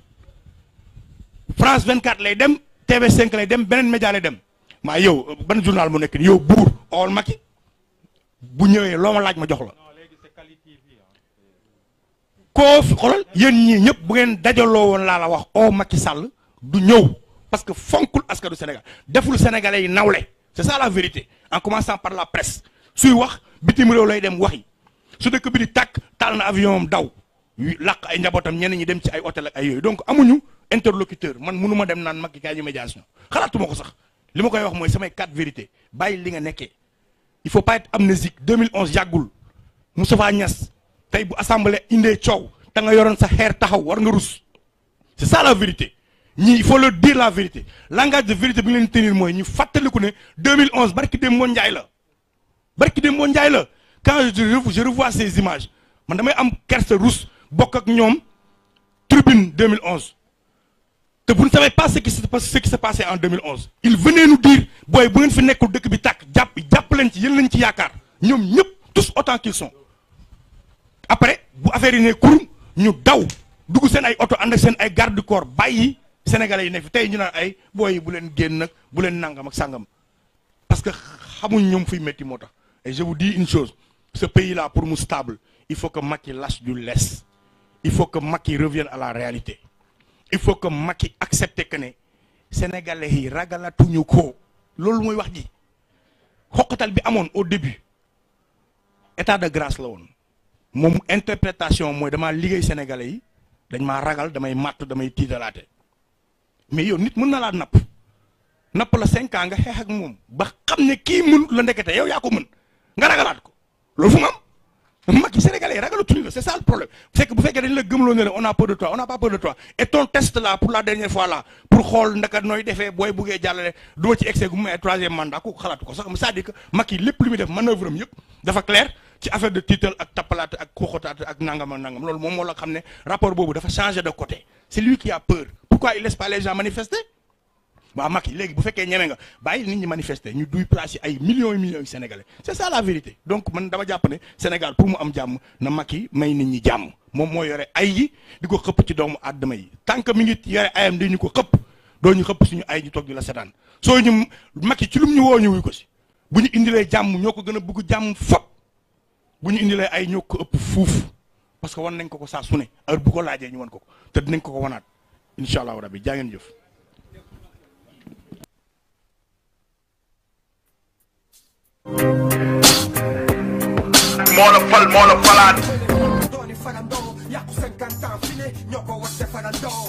Speaker 3: France 24 lay dem TV5 dem beneen média dem. maa yow ban journal mu nekk ni yow buur ool Macky bu ñëwee loo ma laaj ma jox la koo fi xoolal yéen ñii ñëpp bu ngeen dajaloo woon laa la wax oo Macky sàll du ñëw parce que fonkul askanu Sénégal deful sénégalais yi nawle c'est ça la vérité en commençant par la presse suy wax bitim réew lay dem waxi su dëkk bi di takk taal na avion am daw làq ay njabootam ñenn ñi dem ci ay hôtel ak ay yooyu donc amuñu interlocuteur man mënu dem naan Macky kaay ñu médiation xalaatuma ko li ma koy wax mooy samay quatre vérités bàyyi li nga nekkee il faut pas être amnésique 2011 yàggul Moustapha Niass tey bu assemblée indee coow te nga yoroon sa xeer taxaw war nga rus c'est ça la vérité ñii il faut le dire la vérité langage de vérité bi nga leen tenir mooy ñu fàttaliku ne 2011 barki Demba Ndiaye la barki Demba Ndiaye la quand je je revois ces images man damay am kersa rus bokk ak ñoom tribune 2011. te vous ne savez pas ce qui se ce qui s'est passé en il venait nous dire booy bu ngeen fi nekkul dëkk bi tàkk jàpp jàpp leen ci yéen lañ ci yaakaar ñoom ñëpp tous autant qu'ils après bu affaire yi ne kurum ñu daw dugg seen ay oto ànd ak seen ay garde du corps bàyyi sénégalais yi nekk tey ñu naan ay booy yi bu leen génn nag bu leen nangam ak sàngam parce que xamuñ ñoom fuy métti moo tax et je vous dis une chose ce pays là pour mu stable il faut que Macky lâche du lest il faut que Macky revienne à la réalité il faut que Macky accepter que ne sénégalais yi ragalatuñu ko loolu mooy wax ji xoqatal bi amoon au début état de grâce la woon moom interprétation mooy dama liggéey sénégalais yi dañ maa ragal damay màtt damay tiidalaate mais yow nit mën na laa napp napp la cinq ans nga xeex ak moom ba xam ne kii mënut la ndekete yow yaa ko mën nga ragalaat ko loolu fu mu mag yi sénégalais yi ragalatuñu la c'est ça le problème fekk bu fekkee dañ la gëmloo ne la on a peur de toi on n'a pas peur de toi et ton test là pour la dernière fois là pour xool ndaka nooy defee booy dafa clair ci affaire de tiital ak tappalaate ak xoxotaate ak nangam ak nangam loolu moom moo la xam ne rapport boobu dafa changer de côté c'est lui qui a peur pourquoi il laisse pas les gens manifester waa yi léegi bu fekkee ñeme nga bàyyi nit ñi manifester ñu duy place yi ay millions et millions yu sénégalais c' ça la vérité donc man dama jàpp ne Sénégal pour mu am jàmm na yi may nit ñi jàmm moom moo yore ay yi di ko xëpp ci doomu aadama yi tant que mi ngi yore ayam di ñu ko xëpp doo ñu xëpp suñu ay ñu toog la setaan soo ñu Macky ci lum ñu woo ñu wuy ko si bu ñu indilee jàmm ñoo ko gën a bëgg jàmm fop bu ñu indilee ay ñoo ko ëpp fuuf parce que wan nañ ko ko saa su ne ko laajee ñu ko ko te dinañ ko wanaat incha allahu rabbi jaa ngeen jëf moo la fal moo la falaat dooni farandoo yàqu cinquante ans fi ne ñoo ko wax te farandoo